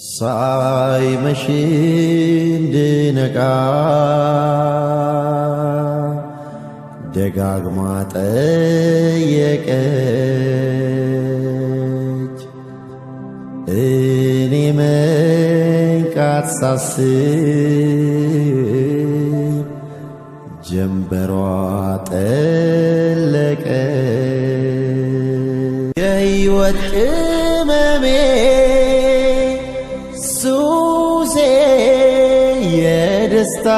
ሳይመሽ እንድነቃ ደጋግማ ጠየቀች። እኔ መንቃት ሳስብ ጀንበሯ ጠለቀ የሕይወት ቅመሜ በደስታ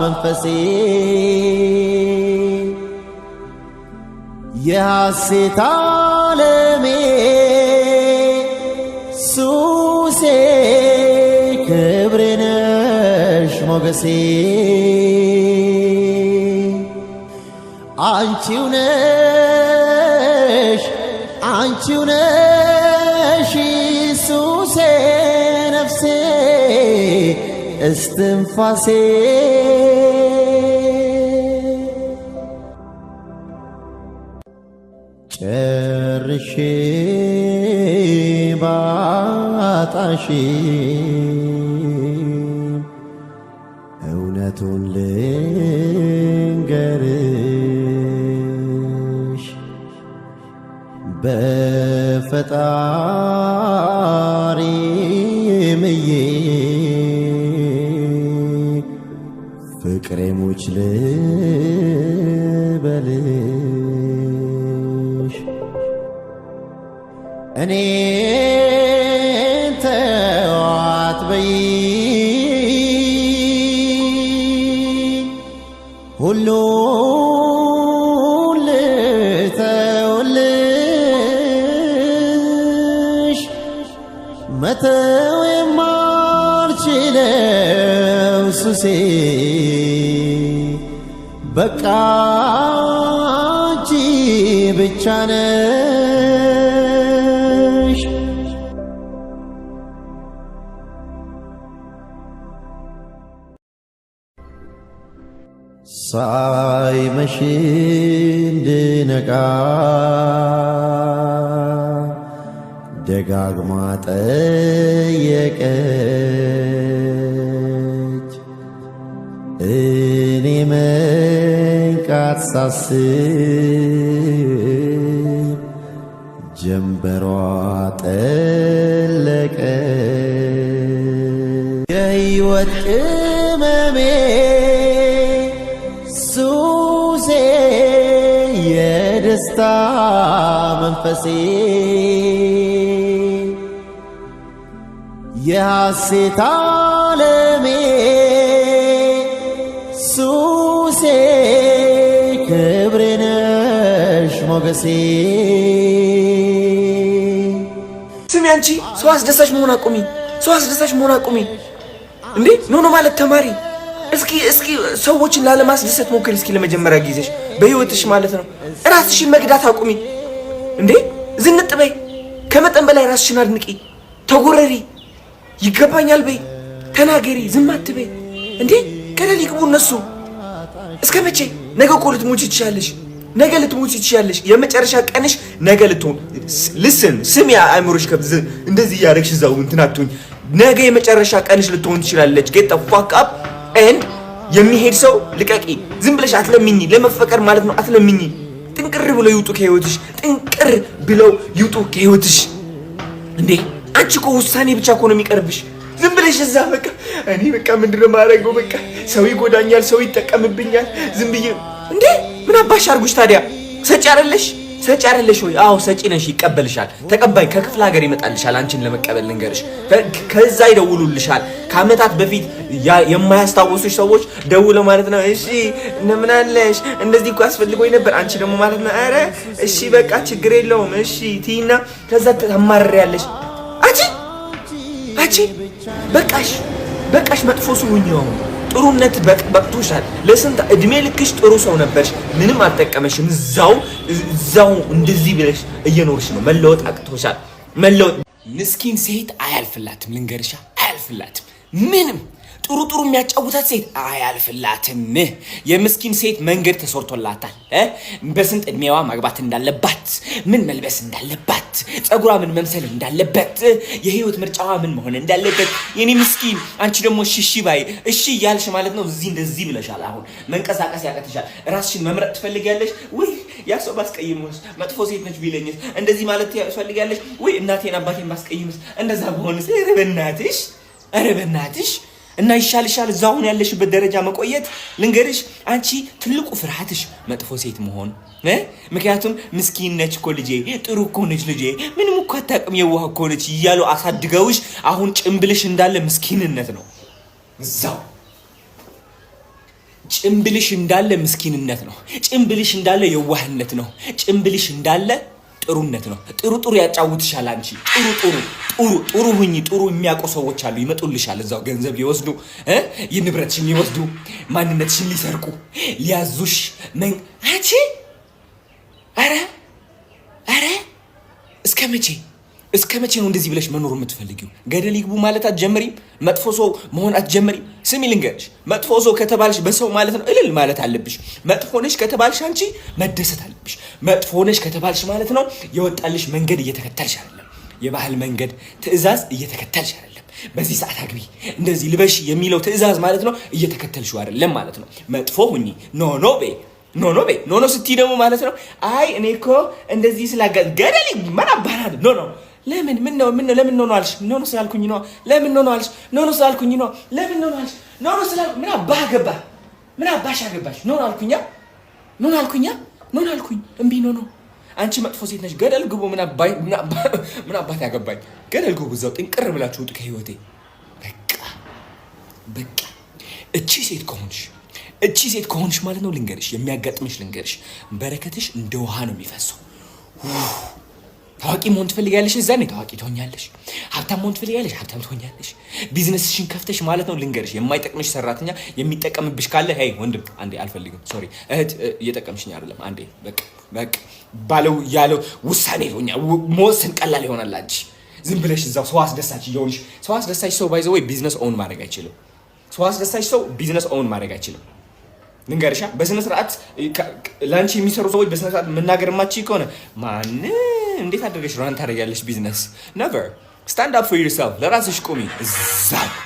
መንፈሴ የሐሴት ዓለሜ ሱሴ ክብሬነሽ ሞገሴ አንቺው ነሽ አንቺው ነሽ استنفاسي شرشي باطاشي እውነቱን እኔ ተዋት በይ ሁሉ ልተውልሽ መተው የማልችለው ሱሴ በቃ አንቺ ብቻ ነሽ ሳይመሽ እንድነቃ ደጋግማ ጠየቀች። እኔ መንቃት ሳስብ ጀንበሯ ጠለቀ የሕይወት በደስታ መንፈሴ የሐሴት ዓለሜ ሱሴ ክብሬነሽ ሞገሴ ስሚ አንቺ ሰው አስደሳች መሆን አቁሚ። ሰው አስደሳች መሆን አቁሚ። እንዴ ኖ ማለት ተማሪ። እስኪ እስኪ ሰዎችን ላለማስደሰት ሞክሪ። እስኪ ለመጀመሪያ ጊዜሽ በህይወትሽ ማለት ነው። ራስሽን መግዳት አቁሚ እንዴ! ዝንጥ በይ። ከመጠን በላይ ራስሽን አድንቂ፣ ተጎረሪ፣ ይገባኛል በይ፣ ተናገሪ፣ ዝም አትበይ። እንዴ ገደል ይግቡ እነሱ። እስከ መቼ? ነገ እኮ ልትሞቺ ትችያለሽ። ነገ ልትሞቺ ትችያለሽ። የመጨረሻ ቀንሽ ነገ ልትሆን ልስን ስም ያ አእምሮሽ ከብዝ እንደዚህ እያደረግሽ እዛው እንትን አትሁኝ። ነገ የመጨረሻ ቀንሽ ልትሆን ትችላለች። ጌት ፋክ አፕ ኤንድ የሚሄድ ሰው ልቀቂ። ዝም ብለሽ አትለምኝ። ለመፈቀር ማለት ነው አትለምኝ። ጥንቅር ብለው ይውጡ ከህይወትሽ። ጥንቅር ብለው ይውጡ ከህይወትሽ። እንዴ አንቺ እኮ ውሳኔ ብቻ እኮ ነው የሚቀርብሽ። ዝም ብለሽ እዛ በቃ እኔ በቃ ምንድነው ማድረገው? በቃ ሰው ይጎዳኛል፣ ሰው ይጠቀምብኛል። ዝም ብዬ እንዴ ምን አባሽ አርጉሽ ታዲያ ሰጪ አይደለሽ ሰጪ አይደለሽ ወይ? አዎ ሰጪ ነሽ፣ ይቀበልሻል። ተቀባይ ከክፍለ ሀገር ይመጣልሻል። አንቺን ለመቀበል ልንገርሽ፣ ከዛ ይደውሉልሻል። ከአመታት በፊት የማያስታውሱሽ ሰዎች ደውለ ማለት ነው። እሺ እንደምን አለሽ? እንደዚህ እኮ አስፈልጎኝ ነበር። አንቺ ደግሞ ማለት ነው፣ ኧረ እሺ በቃ ችግር የለውም እሺ ቲና። ከዛ ታማርሪያለሽ። አንቺ አንቺ በቃሽ፣ በቃሽ፣ መጥፎ ስሁኝ ነው ጥሩነት በቅቶሻል። ለስንት እድሜ ልክሽ ጥሩ ሰው ነበርሽ፣ ምንም አልጠቀመሽም። እዛው እዛው እንደዚህ ብለሽ እየኖርሽ ነው። መለወጥ አቅቶሻል። መለወጥ ምስኪን ሴት አያልፍላትም፣ ልንገርሻ አያልፍላትም። ምንም ጥሩ ጥሩ የሚያጫውታት ሴት አያልፍላትም። የምስኪን ሴት መንገድ ተሰርቶላታል። በስንት እድሜዋ ማግባት እንዳለባት፣ ምን መልበስ እንዳለባት፣ ጸጉሯ ምን መምሰል እንዳለበት፣ የህይወት ምርጫዋ ምን መሆን እንዳለበት። የኔ ምስኪን፣ አንቺ ደግሞ ሽሺ ባይ እሺ እያልሽ ማለት ነው። እዚህ እንደዚህ ብለሻል። አሁን መንቀሳቀስ ያቀትሻል። ራስሽን መምረጥ ትፈልጊያለሽ ወይ? ያ ሰው ባስቀይምስ፣ መጥፎ ሴት ነች ቢለኝስ፣ እንደዚህ ማለት ትፈልጊያለሽ ወይ? እናቴን አባቴን ባስቀይምስ፣ እንደዛ በሆንስ፣ ኧረ በእናትሽ ኧረ በእናትሽ እና ይሻልሻል እዛ አሁን ያለሽበት ደረጃ መቆየት። ልንገርሽ አንቺ ትልቁ ፍርሃትሽ መጥፎ ሴት መሆን። ምክንያቱም ምስኪን ነች እኮ ልጄ፣ ጥሩ እኮ ነች ልጄ፣ ምንም እኮ አታውቅም፣ የዋህ እኮ ነች እያሉ አሳድገውሽ አሁን ጭንብልሽ እንዳለ ምስኪንነት ነው። እዛው ጭንብልሽ እንዳለ ምስኪንነት ነው። ጭንብልሽ እንዳለ የዋህነት ነው። ጭንብልሽ እንዳለ ጥሩነት ነው። ጥሩ ጥሩ ያጫውትሻል። አንቺ ጥሩ ጥሩ ጥሩ ጥሩ ሁኚ። ጥሩ የሚያውቁ ሰዎች አሉ፣ ይመጡልሻል። እዛው ገንዘብ ሊወስዱ ንብረትሽን ሊወስዱ ማንነትሽን ሊሰርቁ ሊያዙሽ መን አንቺ አረ አረ እስከ መቼ እስከ መቼ ነው እንደዚህ ብለሽ መኖር የምትፈልጊው? ገደል ይግቡ ማለት አትጀምሪም? መጥፎ ሰው መሆን አትጀምሪም? ስሚ ልንገርሽ፣ መጥፎ ሰው ከተባልሽ በሰው ማለት ነው እልል ማለት አለብሽ። መጥፎ ነሽ ከተባልሽ አንቺ መደሰት አለብሽ። መጥፎ ነሽ ከተባልሽ ማለት ነው የወጣልሽ መንገድ እየተከተልሽ አይደለም። የባህል መንገድ ትዕዛዝ እየተከተልሽ አይደለም። በዚህ ሰዓት አግቢ፣ እንደዚህ ልበሽ የሚለው ትዕዛዝ ማለት ነው እየተከተልሽው አይደለም ማለት ነው። መጥፎ ሁኚ ኖኖ ቤ ኖ ኖ ቤ ኖ ኖ ስትይ ደግሞ ማለት ነው አይ እኔ እኮ እንደዚህ ስላጋ ገደል መናባናል ኖ ኖ ለምን ምን ነው ምን ነው ለምን ነው አልሽ? ኖ ነው ስላልኩኝ ነው። ለምን ነው አልሽ? ኖ ነው ስላልኩኝ ነው። ለምን ነው አልሽ? ኖ ነው ስላልኩኝ ምን አባህ ገባ? ምን አባሽ አገባሽ? ኖ ነው አልኩኛ ኖ ነው አልኩኛ ኖ ነው አልኩኝ እምቢ ነው ነው። አንቺ መጥፎ ሴት ነሽ። ገደል ግቡ። ምን አባይ ምን አባ ምን አባት ያገባኝ? ገደል ግቡ። እዛው ጥንቅር ብላችሁ ውጡ ከህይወቴ። በቃ በቃ። እቺ ሴት ከሆንሽ እቺ ሴት ከሆንሽ ማለት ነው ልንገርሽ፣ የሚያጋጥምሽ ልንገርሽ፣ በረከትሽ እንደ ውሃ ነው የሚፈሰው ታዋቂ መሆን ትፈልጋለሽ፣ እዛኔ ታዋቂ ትሆኛለሽ። ሀብታም መሆን ትፈልጋለሽ፣ ሀብታም ትሆኛለሽ። ቢዝነስሽን ከፍተሽ ማለት ነው። ልንገርሽ፣ የማይጠቅምሽ ሰራተኛ የሚጠቀምብሽ ካለ ይ ወንድም፣ አንዴ አልፈልግም፣ ሶሪ እህት፣ እየጠቀምሽኝ አይደለም፣ አንዴ በቃ በቃ ባለው ያለው ውሳኔ ይሆኛል። መወሰን ቀላል ይሆናል። አንቺ ዝም ብለሽ እዛው ሰው አስደሳች እየሆንሽ ሰው አስደሳች ሰው ባይዘ ወይ ቢዝነስ ኦውን ማድረግ አይችልም። ሰው አስደሳች ሰው ቢዝነስ ኦውን ማድረግ አይችልም። ልንገርሻ፣ በስነስርዓት ለአንቺ የሚሰሩ ሰዎች በስነስርዓት መናገር ማች ከሆነ ማንም እንዴት አድርገሽ ራን ታደርጊያለሽ ቢዝነስ? ነቨር ስታንድ አፕ ፎር ዩርሰልፍ። ለራስሽ ቁሚ እዛ